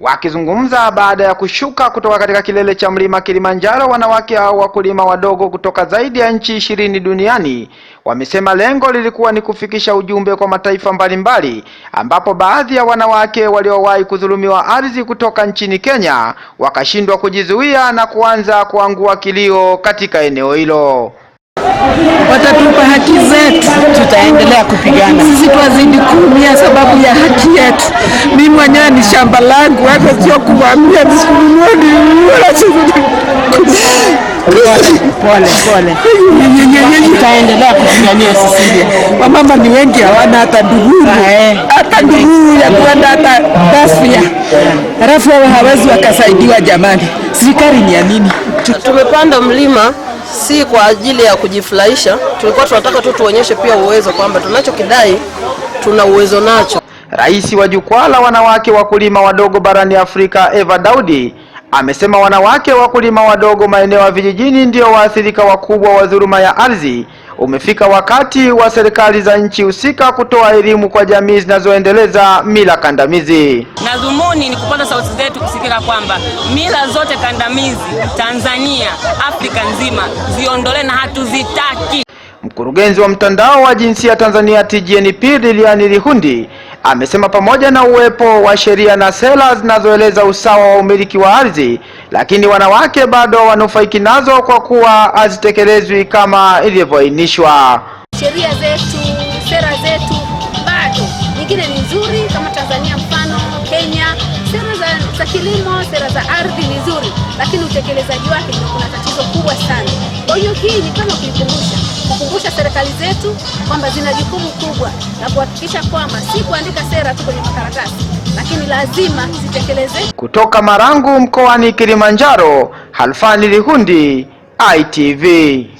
Wakizungumza baada ya kushuka kutoka katika kilele cha mlima Kilimanjaro, wanawake hao wakulima wadogo kutoka zaidi ya nchi ishirini duniani wamesema lengo lilikuwa ni kufikisha ujumbe kwa mataifa mbalimbali, ambapo baadhi ya wanawake waliowahi kudhulumiwa ardhi kutoka nchini Kenya wakashindwa kujizuia na kuanza kuangua kilio katika eneo hilo watatupa haki zetu, tutaendelea kupigana sisi, twazidi kuumia sababu ya haki yetu. Mimi mwenyewe ni shamba langu, hata sio kuambia tutaendelea kupigania sisi. Wamama ni wengi hawana hata duhuru ah, eh. hata duhuru ya kwenda hata dafia, halafu hawezi wakasaidiwa. Jamani, serikali ni ya nini? Tumepanda mlima si kwa ajili ya kujifurahisha. Tulikuwa tunataka tu tuonyeshe pia uwezo kwamba tunachokidai tuna uwezo nacho. Rais wa jukwaa la wanawake wakulima wadogo barani Afrika Eva Daudi Amesema wanawake wakulima wadogo maeneo ya vijijini ndio waathirika wakubwa wa dhuluma ya ardhi. Umefika wakati wa serikali za nchi husika kutoa elimu kwa jamii zinazoendeleza mila kandamizi, na dhumuni ni kupata sauti zetu kusikika, kwamba mila zote kandamizi Tanzania, Afrika nzima ziondole na hatuzitaki. Mkurugenzi wa mtandao wa jinsia Tanzania TGNP Liliani Lihundi Amesema pamoja na uwepo wa sheria na sera zinazoeleza usawa wa umiliki wa ardhi, lakini wanawake bado wanufaiki nazo kwa kuwa hazitekelezwi kama ilivyoainishwa. Sheria zetu, sera zetu bado nyingine ni nzuri kama Tanzania, mfano Kenya, sera za, za kilimo, sera za ardhi ni nzuri, lakini utekelezaji wake kuna tatizo kubwa sana. Kwa hiyo hii ni kama kuikumbusha kukumbusha serikali zetu kwamba zina jukumu kubwa la kuhakikisha kwamba si kuandika sera tu kwenye makaratasi, lakini lazima zitekeleze. Kutoka Marangu mkoani Kilimanjaro, Halfani Lihundi, ITV.